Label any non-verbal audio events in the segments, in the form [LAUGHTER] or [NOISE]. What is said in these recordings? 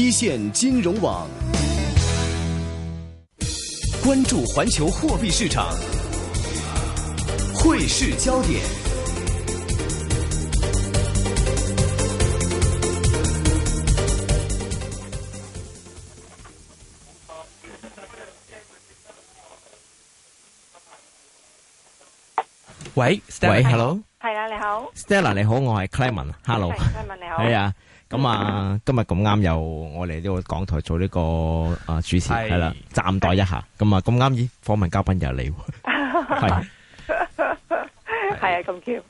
一線金融網，關注環球貨幣市場，匯市焦點。喂，喂，Hello，係啊，你好，Stella，你好，我係 Clement，Hello，Clement 你好，係啊。咁啊，今日咁啱又我嚟呢個港台做呢個啊主持係啦，暫待一下。咁啊，咁啱咦，訪問嘉賓又嚟，係，係啊，咁 Q。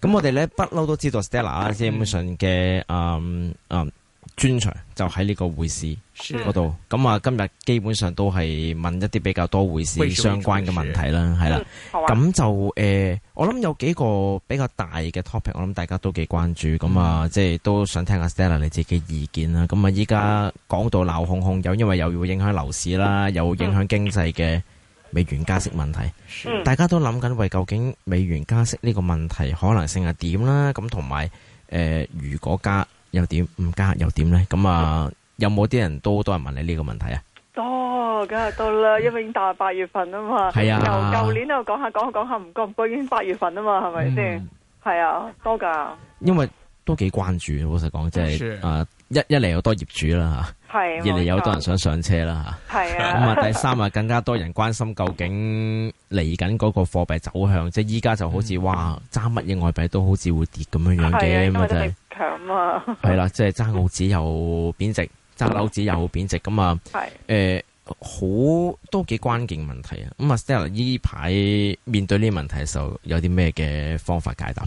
咁我哋咧不嬲都知道 Stella 啊，Samuel 嘅嗯嗯。專長就喺呢個匯市嗰度，咁啊今日基本上都係問一啲比較多匯市相關嘅問題啦，係啦，咁就誒，我諗有幾個比較大嘅 topic，我諗大家都幾關注，咁啊即係都想聽下 Stella 你自己意見啦。咁啊依家講到鬧哄哄，又因為又會影響樓市啦，又影響經濟嘅美元加息問題，大家都諗緊，為究竟美元加息呢個問題可能性係點啦？咁同埋誒，如果加？又點？唔加又點咧？咁啊，有冇啲人都多人問你呢個問題啊？多，梗係多啦，因為已經大八月份啊嘛。係啊，舊年都講下講下講下唔講，已經八月份啊嘛，係咪先？係啊，多噶。因為都幾關注，老實講，即係啊，一一嚟，有多業主啦吓，二嚟有多人想上車啦吓。係啊。咁啊，第三啊，更加多人關心究竟嚟緊嗰個貨幣走向，即係依家就好似哇，揸乜嘢外幣都好似會跌咁樣樣嘅問題。係啊，即係揸澳紙又貶值，揸樓紙又貶值，咁啊， [LAUGHS] 誒、嗯是呃，好都幾關鍵問題啊！咁啊，Stella 依排面對呢啲問題嘅時候，有啲咩嘅方法解答？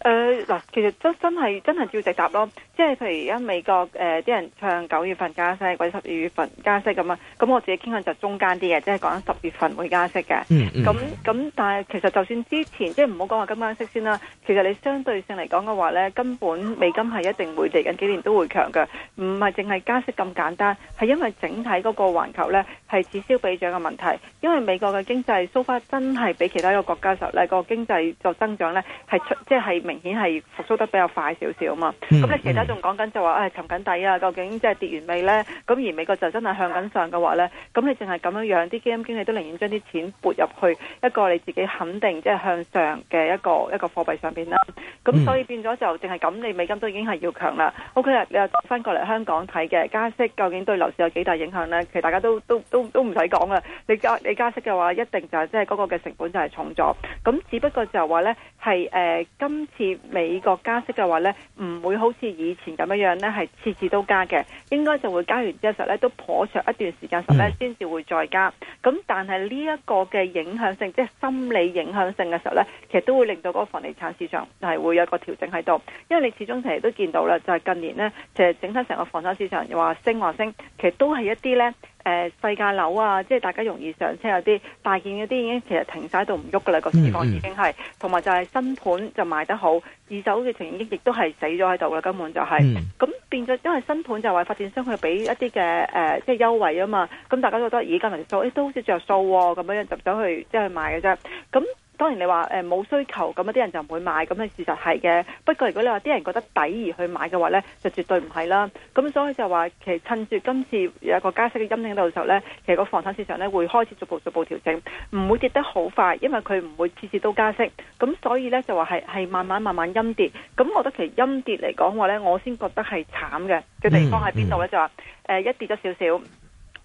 誒嗱、呃，其實都真真係真係照直答咯，即係譬如而家美國誒啲、呃、人唱九月份加息，或者十二月份加息咁啊，咁我自己傾向就中間啲嘅，即係講十月份會加息嘅。嗯咁、嗯、咁，但係其實就算之前即係唔好講話今晚息先啦，其實你相對性嚟講嘅話呢，根本美金係一定會嚟緊，幾年都會強嘅，唔係淨係加息咁簡單，係因為整體嗰個環球呢，係此消彼長嘅問題，因為美國嘅經濟收、so、花真係比其他嘅國家時候咧、那個經濟就增長呢，係出即係係。就是明顯係復甦得比較快少少嘛，咁、嗯嗯、你其他仲講緊就話、是、誒、哎、沉緊底啊，究竟即係跌完未呢？咁而美國就真係向緊上嘅話呢，咁你淨係咁樣樣，啲基金經理都寧願將啲錢撥入去一個你自己肯定即係、就是、向上嘅一個一個貨幣上邊啦。咁所以變咗就淨係咁，你美金都已經係要強啦。OK，你又翻過嚟香港睇嘅加息，究竟對樓市有幾大影響呢？其實大家都都都都唔使講啦。你加息嘅話，一定就係即係嗰個嘅成本就係重咗。咁只不過就話呢係誒、呃、今。似美國加息嘅話呢，唔會好似以前咁樣樣呢，係次次都加嘅，應該就會加完之後呢，都頗長一段時間，實呢先至會再加。咁但係呢一個嘅影響性，即係心理影響性嘅時候呢，其實都會令到嗰個房地產市場係會有一個調整喺度，因為你始終成日都見到啦，就係、是、近年呢，其實整體成個房產市場話升或升，其實都係一啲呢。誒，細價樓啊，即係大家容易上車嗰啲大件嗰啲已經其實停晒喺度唔喐噶啦，個市況已經係，同埋、嗯嗯、就係新盤就賣得好，二手嘅情形亦都係死咗喺度啦，根本就係、是，咁、嗯、變咗因為新盤就話發展商去俾一啲嘅誒即係優惠啊嘛，咁大家都覺得而家人數誒都好似着數喎，咁樣就走去即係買嘅啫，咁、就是。當然你話冇、呃、需求，咁啲人就唔會買，咁事實係嘅。不過如果你話啲人覺得抵而去買嘅話呢，就絕對唔係啦。咁所以就話其實趁住今次有一個加息嘅陰影喺度嘅時候呢，其實個房產市場呢會開始逐步逐步調整，唔會跌得好快，因為佢唔會次次都加息。咁所以呢，就話係慢慢慢慢陰跌。咁我覺得其實陰跌嚟講話呢，我先覺得係慘嘅嘅地方喺邊度呢？嗯嗯、就話、呃、一跌咗少少。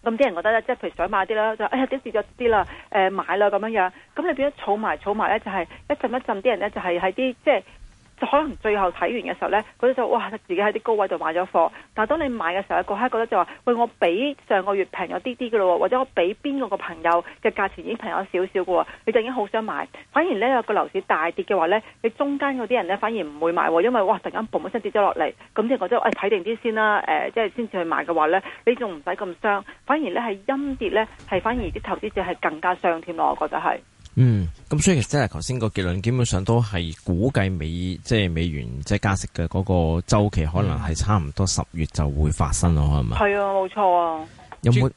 咁啲人覺得咧，即係譬如想買啲啦，就哎呀啲跌咗啲啦，買啦咁樣樣，咁你變咗儲埋儲埋咧，就係一浸一浸啲人咧，就係喺啲即係。可能最後睇完嘅時候呢，佢就哇自己喺啲高位度買咗貨。但係當你買嘅時候，個客覺得就話：喂，我比上個月平咗啲啲嘅咯喎，或者我比邊個個朋友嘅價錢已經平咗少少嘅喎，你就已經好想買。反而呢，有個樓市大跌嘅話呢，你中間嗰啲人呢，反而唔會買，因為哇突然間嘣一聲跌咗落嚟，咁即係覺得誒睇定啲先啦。哎，即係先至去買嘅話呢，你仲唔使咁傷。反而呢，係陰跌呢，係反而啲投資者係更加傷添咯。我覺得係。嗯，咁所以其實即係頭先個結論，基本上都係估計美即係美元即係加息嘅嗰個周期，可能係差唔多十月就會發生咯，係咪、嗯？係啊，冇錯啊。有冇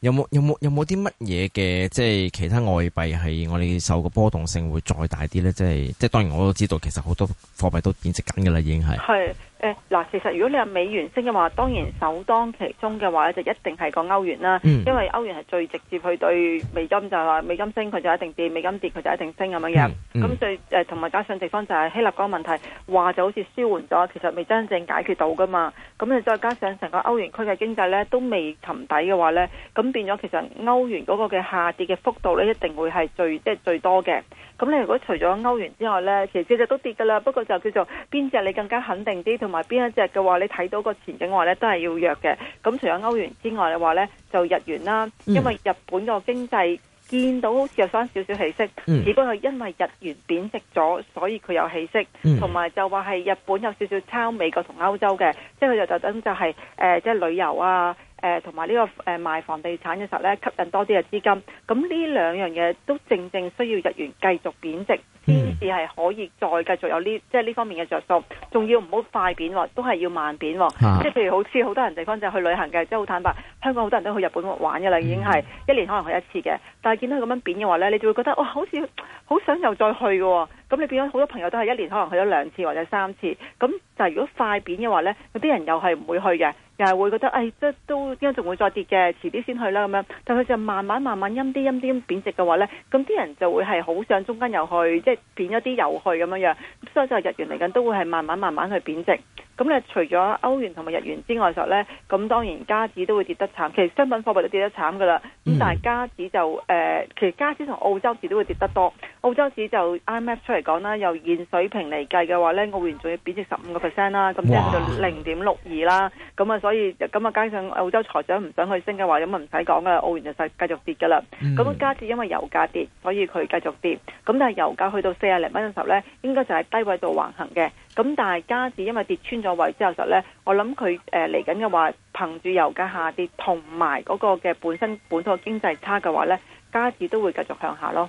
有冇有冇有冇啲乜嘢嘅即係其他外幣係我哋受個波動性會再大啲咧？即係即係，當然我都知道，其實好多貨幣都貶值緊噶啦，已經係。係誒，嗱，其實如果你話美元升嘅話，當然首當其衝嘅話就一定係個歐元啦，嗯、因為歐元係最直接去對美金，就係話美金升佢就一定跌，美金跌佢就一定升咁樣樣。咁、嗯、最誒、同埋加上地方就係希臘嗰個問題，話就好似舒緩咗，其實未真正解決到噶嘛。咁你再加上成個歐元區嘅經濟咧都未沉底嘅話咧，咁變咗其實歐元嗰個嘅下跌嘅幅度咧一定會係最即係、就是、最多嘅。咁你如果除咗歐元之外呢，其實隻隻都跌㗎喇。不過就叫做邊隻你更加肯定啲，同埋邊一隻嘅話，你睇到個前景外呢，都係要弱嘅。咁除咗歐元之外嘅話呢，就日元啦，因為日本個經濟見到好似有翻少，少少氣息，只不過因為日元貶值咗，所以佢有氣息，同埋、嗯、就話係日本有少少抄美國同歐洲嘅，即係佢就特登就係、是、誒、呃、即係旅遊啊。誒同埋呢個誒、呃、賣房地產嘅時候咧，吸引多啲嘅資金。咁呢兩樣嘢都正正需要日元繼續貶值，先至係可以再繼續有呢即係呢方面嘅着數。仲要唔好快貶喎、哦，都係要慢貶喎、哦。即係、啊、譬如好似好多人地方就去旅行，嘅，即係好坦白。香港好多人都去日本玩嘅啦，嗯、已經係一年可能去一次嘅。但係見到佢咁樣貶嘅話咧，你就會覺得哇，好似好想又再去喎、哦。咁你變咗好多朋友都係一年可能去咗兩次或者三次。咁就如果快貶嘅話咧，有啲人又係唔會去嘅。就係會覺得，誒、哎，即都應該仲會再跌嘅？遲啲先去啦咁樣。但佢就慢慢慢慢陰啲陰啲咁貶值嘅話咧，咁啲人就會係好想中間又去，即係變一啲入去咁樣樣。所以就日元嚟緊都會係慢慢慢慢去貶值。咁你除咗歐元同埋日元之外，實咧，咁當然加紙都會跌得慘，其實商品貨幣都跌得慘噶啦。咁但係加紙就誒、呃，其實加紙同澳洲紙都會跌得多。澳洲紙就 IMF 出嚟講啦，由現水平嚟計嘅話咧，澳元仲要貶值十五個 percent 啦，咁即係去到零點六二啦。咁啊所所以咁啊，加上澳洲財長唔想去升嘅話，咁啊唔使講啦，澳元就繼繼續跌㗎啦。咁、嗯、加至因為油價跌，所以佢繼續跌。咁但係油價去到四十零蚊嘅時候呢，應該就係低位度橫行嘅。咁但係加至因為跌穿咗位之後實呢，我諗佢誒嚟緊嘅話，憑住油價下跌同埋嗰個嘅本身本土經濟差嘅話呢，加至都會繼續向下咯。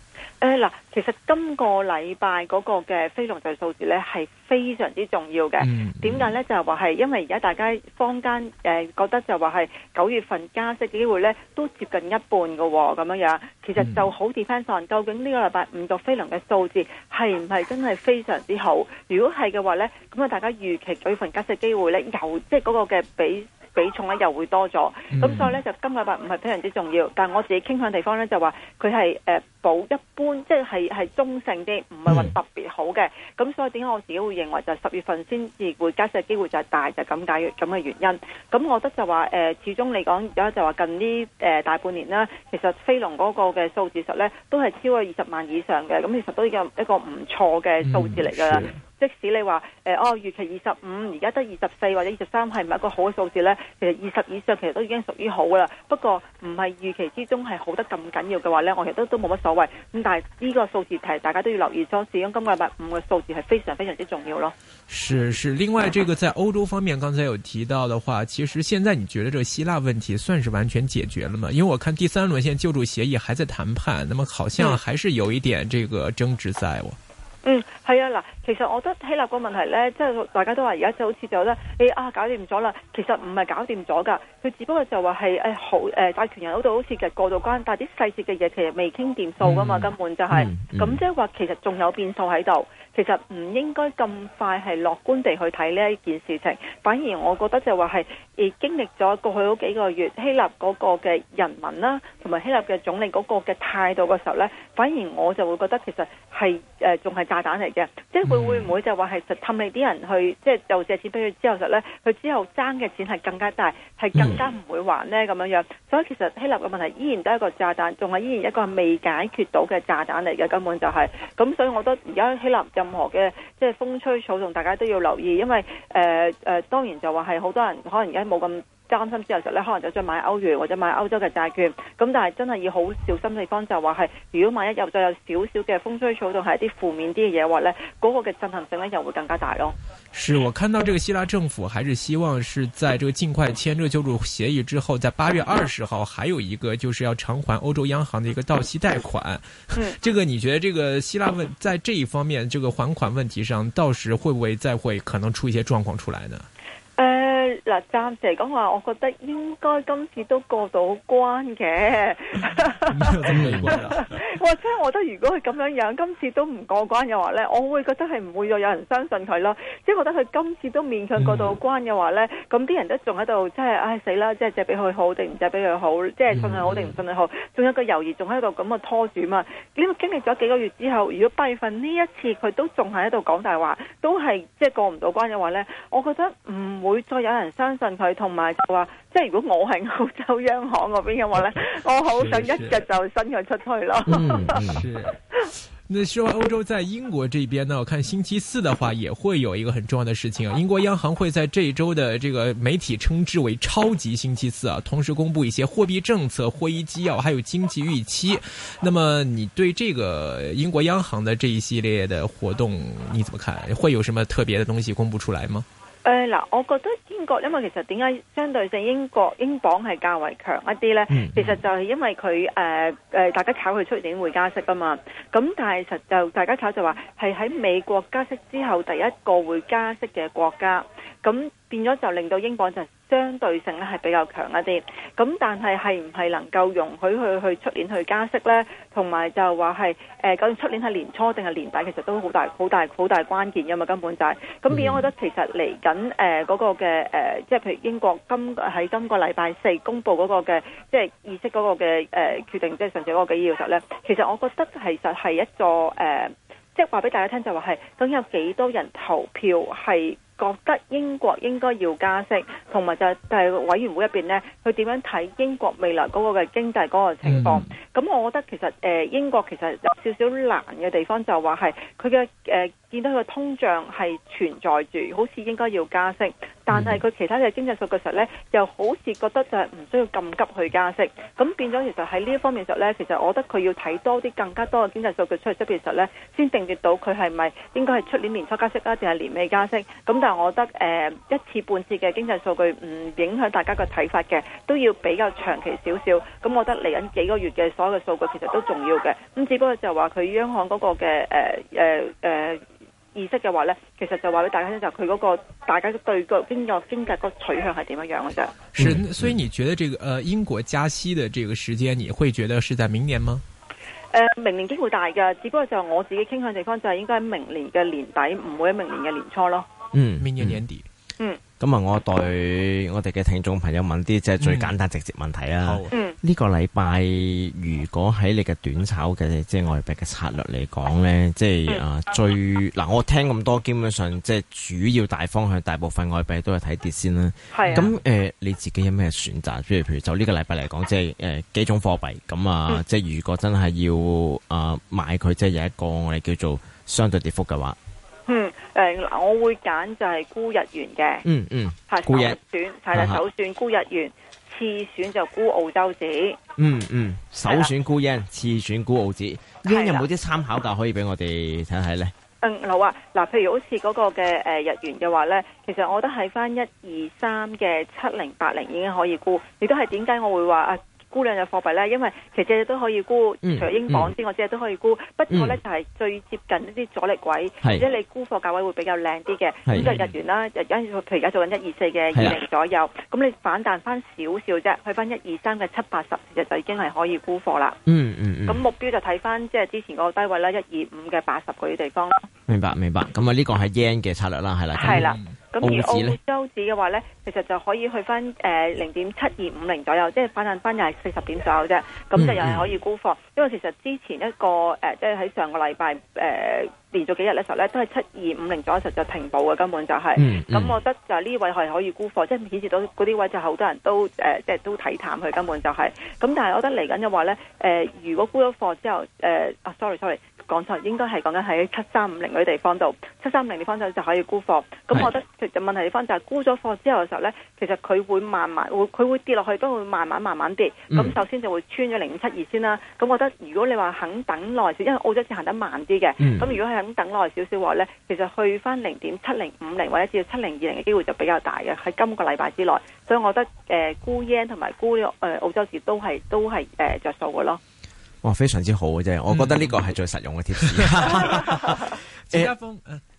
誒嗱，其實今個禮拜嗰個嘅非農就係數字咧，係非常之重要嘅。點解咧？就係話係因為而家大家坊間誒、呃、覺得就話係九月份加息嘅機會咧，都接近一半嘅喎、哦。咁樣樣其實就好 depends on、嗯。究竟呢個禮拜五個非農嘅數字係唔係真係非常之好？如果係嘅話咧，咁啊大家預期九月份加息嘅機會咧，又即係嗰個嘅比比重咧又會多咗。咁、嗯、所以咧就今個禮拜唔係非常之重要。但係我自己傾向嘅地方咧就話佢係誒。呃保一般即係係中性啲，唔係話特別好嘅，咁所以點解我自己會認為就係十月份先至會加息嘅機會就係大，就咁、係、解咁嘅原因。咁我覺得就話誒、呃，始終嚟講而家就話近呢誒、呃、大半年啦，其實非農嗰個嘅數字實咧都係超過二十萬以上嘅，咁其實都已經一個唔錯嘅數字嚟㗎。嗯即使你話誒、呃、哦預期二十五，而家得二十四或者二十三係唔係一個好嘅數字呢？其實二十以上其實都已經屬於好啦。不過唔係預期之中係好得咁緊要嘅話呢，我其實都都冇乜所謂。咁但係呢個數字係大家都要留意咗，始終今日禮拜五嘅數字係非常非常之重要咯。是是，另外，這個在歐洲方面，剛才有提到的話，其實現在你覺得這個希臘問題算是完全解決了嗎？因為我看第三輪現救助協議還在談判，那麼好像還是有一點這個爭執在、哦。嗯，係啊，嗱，其實我覺得希臘個問題呢，即、就、係、是、大家都話而家就好似就覺得：哎「誒啊，搞掂咗啦，其實唔係搞掂咗噶，佢只不過就話係誒好誒，債、哎、權人嗰度好似就過到關，但係啲細節嘅嘢，其實未傾掂數噶嘛，根本就係、是，咁即係話其實仲有變數喺度，其實唔應該咁快係樂觀地去睇呢一件事情，反而我覺得就話係，經歷咗過去好幾個月希臘嗰個嘅人民啦、啊，同埋希臘嘅總理嗰個嘅態度嘅時候呢，反而我就會覺得其實。係誒，仲係、呃、炸彈嚟嘅，即係會會唔會就話係實氹你啲人去，即係又借錢俾佢之後，實呢，佢之後爭嘅錢係更加大，係更加唔會還呢？咁樣樣。所以其實希臘嘅問題依然都係一個炸彈，仲係依然一個未解決到嘅炸彈嚟嘅，根本就係、是。咁所以我覺得而家希臘任何嘅即係風吹草動，大家都要留意，因為誒誒、呃呃，當然就話係好多人可能而家冇咁。擔心之後，其實咧可能就再買歐元或者買歐洲嘅債券，咁但係真係要好小心的地方就話係，如果萬一又再有少少嘅風吹草動，係一啲負面啲嘅嘢話咧，嗰個嘅震撼性咧又會更加大咯。是我看到這個希臘政府還是希望是在這個盡快簽這個救助協議之後，在八月二十號還有一個就是要償還歐洲央行的一個到期貸款。嗯，這個你覺得這個希臘問在這一方面，這個還款問題上，到時會不會再會可能出一些狀況出來呢？嗱，暫時嚟講話，我覺得應該今次都過到關嘅。哇！真係，我覺得如果佢咁樣樣，今次都唔過關嘅話呢，我會覺得係唔會再有人相信佢咯。即係覺得佢今次都勉強過到關嘅話呢，咁啲人都仲喺度，即係唉死啦！即係借俾佢好定唔借俾佢好，即係信佢好定唔信佢好，仲、嗯、有個猶豫，仲喺度咁啊拖住嘛。因為經歷咗幾個月之後，如果八月份呢一次佢都仲喺度講大話，都係即係過唔到關嘅話呢，我覺得唔會再有人相信佢，同埋就話，即係如果我係澳洲央行嗰邊嘅話咧，我好想一腳就伸佢出去咯是是、嗯。是。那說完歐洲，在英國這邊呢，我看星期四的話也會有一個很重要的事情啊。英國央行會在這一周的這個媒體稱之爲超級星期四啊，同時公布一些貨幣政策、會議紀要，還有經濟預期。那麼你對這個英國央行的這一系列的活動你怎麼看？會有什麼特別的東西公布出來嗎？誒，嗱，我覺得英國，因為其實點解相對性英國英鎊係較為強一啲呢？其實就係因為佢誒誒，大家炒佢出年會加息噶嘛。咁但係實就大家炒就話係喺美國加息之後第一個會加息嘅國家，咁變咗就令到英鎊就。相對性咧係比較強一啲，咁但係係唔係能夠容許佢去出年去加息呢？同埋就話係誒，究竟出年係年初定係年底，其實都好大、好大、好大關鍵㗎嘛，根本就係咁。變咗我覺得其實嚟緊誒嗰個嘅誒，即係譬如英國今喺今個禮拜四公布嗰個嘅即係意識嗰個嘅誒決定，即係上次嗰個嘅議要實咧。其實我覺得其實係一座誒，即係話俾大家聽就話係究竟有幾多人投票係，覺得英國應該要加息，同埋就係委員會入邊咧，佢點樣睇英國未來嗰個嘅經濟嗰、嗰個情況？咁、嗯、我覺得其實誒、呃、英國其實有少少難嘅地方、就係，就話係佢嘅誒見到佢個通脹係存在住，好似應該要加息。但係佢其他嘅經濟數據實呢，又好似覺得就係唔需要咁急去加息，咁變咗其實喺呢一方面上呢，其實我覺得佢要睇多啲更加多嘅經濟數據出嚟，即其實呢，先定奪到佢係咪應該係出年年初加息啊，定係年尾加息？咁但係我覺得、呃、一次半次嘅經濟數據唔影響大家嘅睇法嘅，都要比較長期少少。咁我覺得嚟緊幾個月嘅所有嘅數據其實都重要嘅，咁只不過就話佢央行嗰個嘅誒、呃呃意識嘅話咧，其實就話俾大家聽就佢、嗰個大家對個經個經濟個取向係點樣樣嘅啫。所以你覺得這個，呃，英國加息的這個時間，你會覺得是在明年嗎？呃、明年機會大嘅，只不過就我自己傾向地方就係應該喺明年嘅年底，唔會喺明年嘅年初咯。嗯，明年年底。嗯。咁啊、嗯，我對我哋嘅聽眾朋友問啲即係最簡單直接問題啦、啊。嗯呢個禮拜如果喺你嘅短炒嘅即係外幣嘅策略嚟講咧，即係、嗯、啊最嗱、啊、我聽咁多，基本上即係主要大方向，大部分外幣都係睇跌先啦。係啊。咁誒、呃、你自己有咩選擇？即係譬如就呢個禮拜嚟講，即係誒幾種貨幣咁啊？即係、嗯、如果真係要啊買佢，即係有一個我哋叫做相對跌幅嘅話，嗯誒嗱，我會揀就係沽日元嘅。嗯嗯，係啊，首選係啦，首選沽日元。次選就沽澳洲紙，嗯嗯，首選沽英，啊、次選沽澳紙，yen 有冇啲參考價可以俾我哋睇睇咧？嗯，好啊，嗱，譬如好似嗰個嘅誒日元嘅話咧，其實我覺得喺返一二三嘅七零八零已經可以沽，亦都係點解我會話。沽兩隻貨幣咧，因為其實隻隻都可以沽，除咗英鎊之外，隻隻都可以沽。不過咧，就係最接近一啲阻力位，即係你沽貨價位會比較靚啲嘅。咁就日元啦，而家做譬如而家做緊一二四嘅二零左右，咁你反彈翻少少啫，去翻一二三嘅七八十，其實就已經係可以沽貨啦。咁目標就睇翻即係之前嗰個低位啦，一二五嘅八十嗰啲地方。明白明白。咁啊，呢個係 yen 嘅策略啦，係啦。係啦。咁而澳洲，嘅話咧，其實就可以去翻誒零點七二五零左右，即係反彈翻又係四十點左右啫。咁就又係可以沽貨，嗯嗯、因為其實之前一個誒、呃，即係喺上個禮拜誒連續幾日嘅時候咧，都係七二五零左右嘅時候就停步嘅，根本就係、是。咁、嗯嗯、我覺得就呢位係可以沽貨，即係顯示到嗰啲位就好多人都誒、呃，即係都睇淡佢根本就係、是。咁但係我覺得嚟緊嘅話咧，誒、呃、如果沽咗貨之後，誒、呃、啊 sorry sorry，講錯，應該係講緊喺七三五零嗰啲地方度，七三五零地方就就可以沽貨。咁我覺得其實的問題的地方就係、是。沽咗貨之後嘅時候呢，其實佢會慢慢，會佢會跌落去，都會慢慢慢慢跌。咁、嗯、首先就會穿咗零五七二先啦。咁我覺得如果你話肯等耐少，因為澳洲市行得慢啲嘅。咁、嗯、如果係肯等耐少少話呢，其實去翻零點七零五零或者至到七零二零嘅機會就比較大嘅，喺今個禮拜之內。所以我覺得誒沽 yen 同埋沽誒澳洲市都係都係誒着數嘅咯。哇，非常之好嘅啫！我覺得呢個係最實用嘅貼士。 [LAUGHS] [LAUGHS] 李、欸、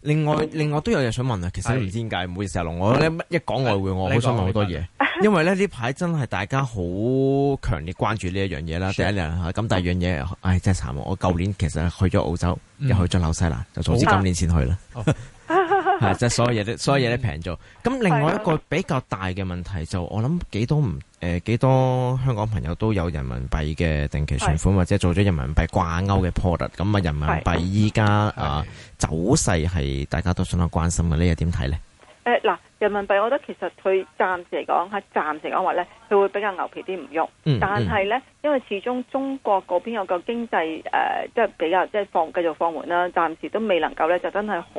另外另外都有嘢想問啊，其實唔知點解，唔的好意思我咧一講外匯，的我好想問好多嘢，因為咧呢排真係大家好強烈關注呢一樣嘢啦，的第一樣吓，咁第二樣嘢，唉真係慘啊！我舊年其實去咗澳洲，又去咗紐西蘭，就早知今年先去啦。 [LAUGHS] 係，即係所有嘢都，所有嘢都平咗。咁另外一個比較大嘅問題就，的我諗幾多唔誒、呃、幾多香港朋友都有人民幣嘅定期存款的或者做咗人民幣掛鈎嘅 product，咁啊人民幣依家的啊是的走勢係大家都相當關心嘅，看呢一點睇咧。誒，嗱，人民幣，我覺得其實佢暫時嚟講，喺暫時講話咧，佢會比較牛皮啲唔喐。嗯，但係咧，因為始終中國嗰邊有個經濟，誒、呃，即係比較即係放繼續放緩啦，暫時都未能夠咧，就真係好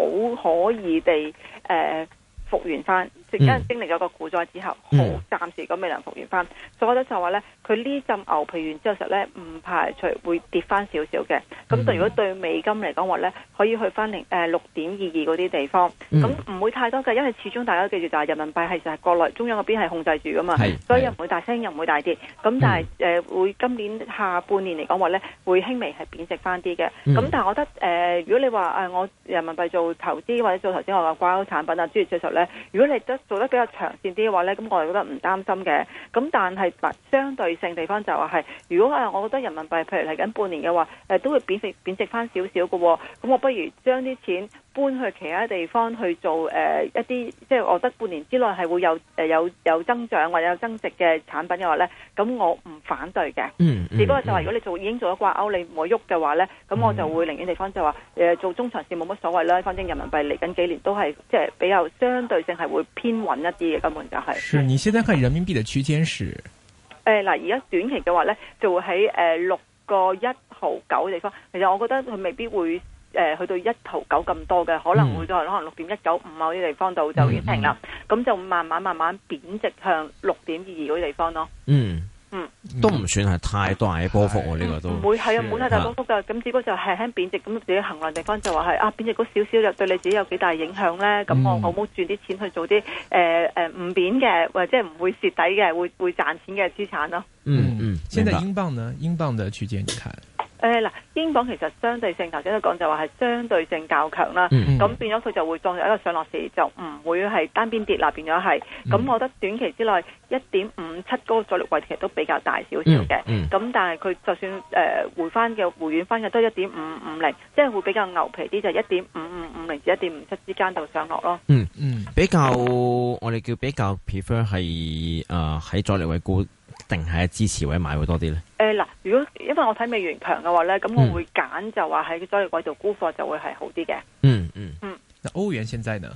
可以地誒、呃，復原返。而家、嗯嗯嗯、經歷咗個股災之後，好暫時咁未能復原翻，所以我覺得就話咧，佢呢浸牛皮完之後實咧，唔排除會跌翻少少嘅。咁但如果對美金嚟講話咧，可以去翻零誒六點二二嗰啲地方，咁唔會太多嘅，因為始終大家都記住就係人民幣係實係國內中央嗰邊係控制住噶嘛，所以又唔會大升，的又唔會大跌。咁但係誒、嗯呃、會今年下半年嚟講話咧，會輕微係貶值翻啲嘅。咁、嗯、但係我覺得誒、呃，如果你話誒、呃、我人民幣做投資或者做頭先我資掛鈎產品啊，諸如此類咧，如果你都做得比較長線啲嘅話呢，咁我哋覺得唔擔心嘅。咁但係相對性地方就係，如果誒我覺得人民幣，譬如嚟緊半年嘅話，誒都會貶值貶值翻少少嘅。咁我不如將啲錢，搬去其他地方去做誒、呃、一啲即係我得半年之內係會有誒、呃、有有增長或者有增值嘅產品嘅話咧，咁我唔反對嘅、嗯。嗯，只不過就話如果你做已經做咗掛鈎你唔好喐嘅話咧，咁我就會另一地方就話誒做中長線冇乜所謂啦，反正人民幣嚟緊幾年都係即係比較相對性係會偏穩一啲嘅根本就係、是。是你現在看人民幣嘅區間是？誒嗱、呃，而家短期嘅話咧，就會喺誒六個一毫九嘅地方。其實我覺得佢未必會。誒，去到一毫九咁多嘅，可能會都係可能六點一九五某啲地方度就已經停啦，咁就慢慢慢慢貶值向六點二二嗰啲地方咯。嗯嗯，都唔算係太大嘅波幅喎，呢個都唔會係啊，冇太大波幅噶，咁只不過就係輕貶值，咁自己衡量地方就話係啊，貶值咗少少就對你自己有幾大影響咧。咁我好唔好轉啲錢去做啲誒誒唔貶嘅，或者唔會蝕底嘅，會會賺錢嘅資產咯。嗯嗯，現在英鎊呢？英鎊的區間點睇？誒、嗱，英鎊其實相對性，頭先都講就話係相對性較強啦。咁、嗯、變咗佢就會當作一個上落市，就唔會係單邊跌啦，變咗係。咁、嗯、我覺得短期之內一點五七個阻力位其實都比較大少少嘅。咁、嗯嗯、但係佢就算、呃、回翻嘅回軟翻嘅都一點五五零，即係會比較牛皮啲，就一點五五五零至一點五七之間就上落咯。嗯嗯，比較我哋叫比較 prefer 係誒喺、呃、阻力位沽。定係支持或者買會多啲呢？誒，嗱，如果因為我睇美元強嘅話呢，咁我會揀就話喺阻力位度沽貨就會係好啲嘅、嗯。嗯嗯嗯。那歐元現在呢？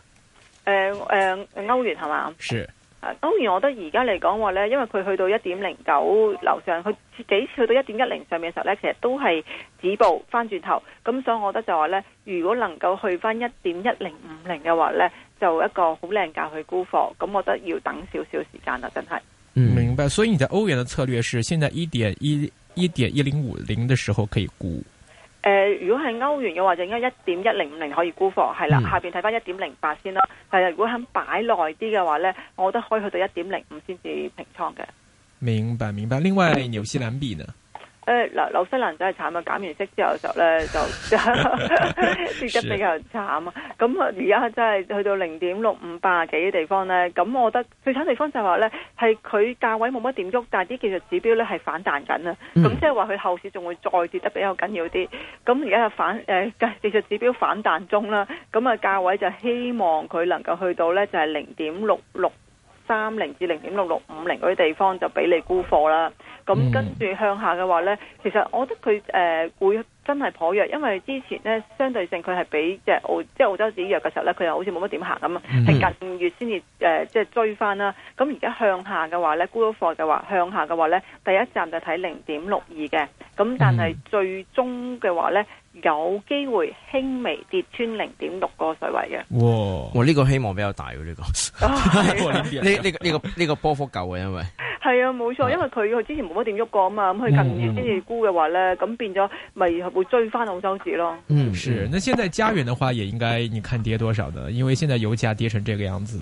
誒誒、呃呃，歐元係嘛？是、啊。歐元，我覺得而家嚟講話呢，因為佢去到一點零九樓上，佢幾次去到一點一零上面嘅時候呢，其實都係止步翻轉頭。咁所以我覺得就話呢，如果能夠去翻一點一零五零嘅話呢，就一個好靚價去沽貨。咁我覺得要等少少時間啦，真係。明白，所以你在歐元的策略是現在一點一一點一零五零的時候可以沽。誒、呃，如果係歐元嘅話就應該一點一零五零可以沽貨，係啦，嗯、下邊睇翻一點零八先啦。但係如果肯擺耐啲嘅話呢，我覺得可以去到一點零五先至平倉嘅。明白明白，另外紐西蘭幣呢？誒，嗱紐西蘭真係慘啊！減完息之後嘅時候咧，就跌得比較慘啊！咁啊，而家真係去到零點六五八幾嘅地方咧，咁我覺得最慘地方就係話咧，係佢價位冇乜點喐，但係啲技術指標咧係反彈緊啊！咁即係話佢後市仲會再跌得比較緊要啲。咁而家係反誒技術指標反彈中啦，咁啊價位就希望佢能夠去到咧就係零點六六。三零至零點六六五零嗰啲地方就俾你沽貨啦。咁跟住向下嘅話咧，其實我覺得佢誒、呃、會。真係頗弱，因為之前咧，相對性佢係比即澳即澳洲紙弱嘅時候咧，佢又好似冇乜點行咁啊，係、嗯、哼近月先至誒，即、呃、係、就是、追翻啦。咁而家向下嘅話咧，沽窿貨嘅話向下嘅話咧，第一站就睇零點六二嘅，咁但係最終嘅話咧，嗯、有機會輕微跌穿零點六個水位嘅。哇！我、這、呢個希望比較大喎，呢、這個呢呢個呢、這個呢、這個波幅夠嘅，因為。係啊，冇錯，因為佢佢之前冇乜點喐過啊嘛，咁佢、嗯、近年先至沽嘅話咧，咁變咗咪會追翻澳洲紙咯。嗯，是。那現在加元嘅話也應該，你看跌多少呢？因為現在油價跌成這個樣子。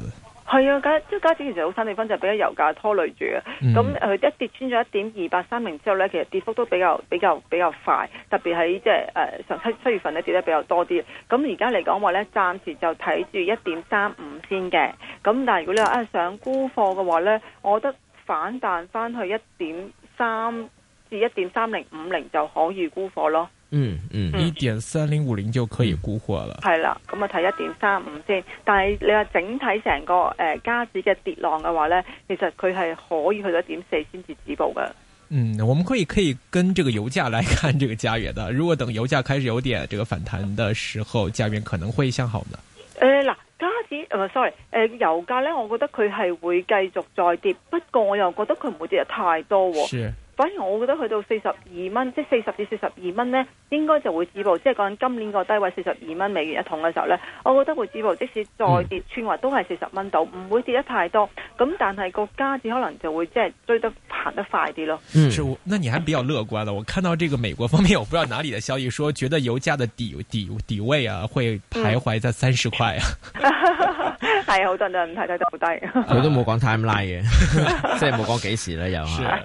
係啊，加即係加元其實好慘地方就係俾油價拖累住嘅。咁誒、嗯，佢一跌穿咗一點二八三零之後咧，其實跌幅都比較比較比較快，特別喺即係誒上七七月份咧跌得比較多啲。咁而家嚟講話咧，暫時就睇住一點三五先嘅。咁但係如果你話啊上沽貨嘅話咧，我覺得。反彈翻去一點三至一點三零五零就可以沽貨咯。嗯嗯，一點三零五零就可以沽貨啦。係啦、嗯，咁啊睇一點三五先。但係你話整體成個誒、呃、加指嘅跌浪嘅話咧，其實佢係可以去到一點四先至止步嘅。嗯，我們可以可以跟這個油價來看這個加元的。如果等油價開始有點這個反彈的時候，加元可能會向好的。誒嗱、呃。啲誒，sorry，誒，油價咧，我覺得佢係會繼續再跌，不過我又覺得佢唔會跌得太多喎。Sure. 反而我覺得去到四十二蚊，即係四十至四十二蚊呢，應該就會止步。即係講今年個低位四十二蚊美元一桶嘅時候呢，我覺得會止步。即使再跌穿或都係四十蚊度，唔會跌得太多。咁但係個價字可能就會即係追得行得快啲咯。嗯，是，那你還比較樂觀啦。我看到這個美國方面，我不知道哪裏的消息，說覺得油價的底底底位啊，會徘徊在三十塊啊。嗯 [LAUGHS] 係，好多人都唔睇睇就好低。佢都冇講 timeline 嘅，即係冇講幾時咧又。啊、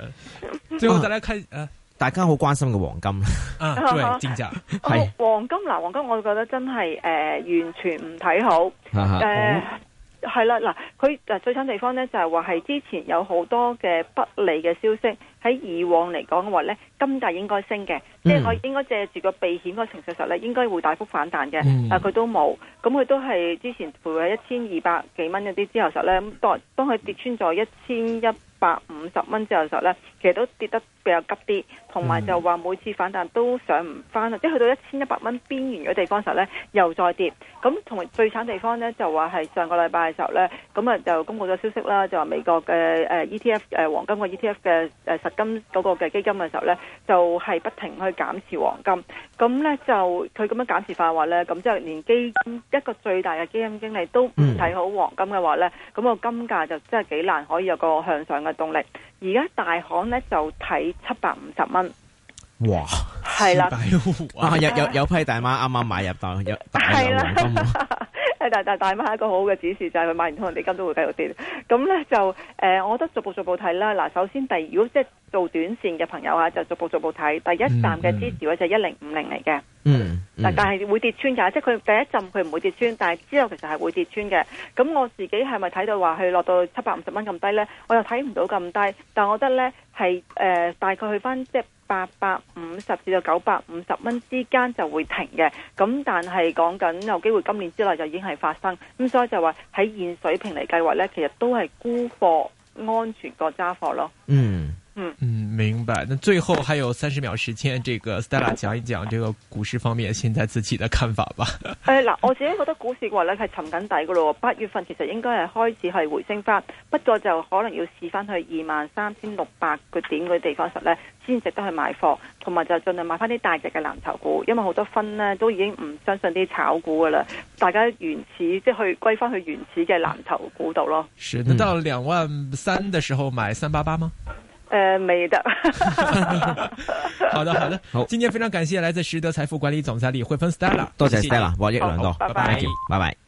最可惜咧，大家好、啊、關心嘅黃金。啊，係、 [LAUGHS] 啊哦、黃金嗱，黃金我覺得真係誒、呃、完全唔睇好。誒係啦，嗱佢誒最慘地方咧，就係話係之前有好多嘅不利嘅消息。喺以往嚟講嘅話呢，金價應該升嘅，嗯、即係我應該借住個避險個情緒上呢，應該會大幅反彈嘅。嗯、但佢都冇，咁佢都係之前徘徊一千二百幾蚊一啲之後時候呢，當當佢跌穿咗一千一百五十蚊之後時候呢，其實都跌得比較急啲。同埋就話每次反彈都上唔翻，嗯、即係去到一千一百蚊邊緣嘅地方時候呢，又再跌。咁同埋最慘地方呢，就話係上個禮拜嘅時候呢，咁啊就公布咗消息啦，就話美國嘅誒 ETF 誒黃金嘅 ETF 嘅誒金嗰個嘅基金嘅時候咧，就係、是、不停去減持黃金，咁咧就佢咁樣減持法嘅話咧，咁即係連基金一個最大嘅基金經理都唔睇好黃金嘅話咧，咁、那個金價就真係幾難可以有個向上嘅動力。而家大行咧就睇七百五十蚊。哇，係啦，有有有批大媽啱啱買入到有大行黃係對了 [LAUGHS] 大媽一個好嘅指示就係佢買唔到黃金都會繼續跌。咁咧就誒、呃，我覺得逐步逐步睇啦。嗱，首先第如果即係。做短線嘅朋友啊，就逐步逐步睇第一站嘅支持位就係一零五零嚟嘅。嗯，但係會跌穿㗎，即係佢第一站佢唔會跌穿，但係之後其實係會跌穿嘅。咁我自己係咪睇到話去落到七百五十蚊咁低呢？我又睇唔到咁低，但我覺得呢係誒、呃、大概去翻即係八百五十至到九百五十蚊之間就會停嘅。咁但係講緊有機會今年之內就已經係發生咁，所以就話喺現水平嚟計劃呢，其實都係沽貨安全過揸貨咯。嗯。嗯嗯，明白。那最後還有三十秒時間，這個 Stella 講一講這個股市方面現在自己的看法吧。哎，誒嗱，我自己覺得股市話呢係沉緊底噶咯，八月份其實應該係開始係回升翻，不過就可能要試翻去二萬三千六百個點嗰啲地方實呢，先值得去買貨，同埋就盡量買翻啲大隻嘅藍籌股，因為好多分呢都已經唔相信啲炒股噶啦，大家原始即係去歸翻去原始嘅藍籌股度咯。是，那到兩萬三嘅時候買三八八嗎？誒，未得，呃。的 [LAUGHS] [LAUGHS] 好的，好的，好。今天非常感謝來自實德財富管理總裁李慧芬 Stella，多謝 Stella，我亦輪到，拜拜，拜拜。拜拜。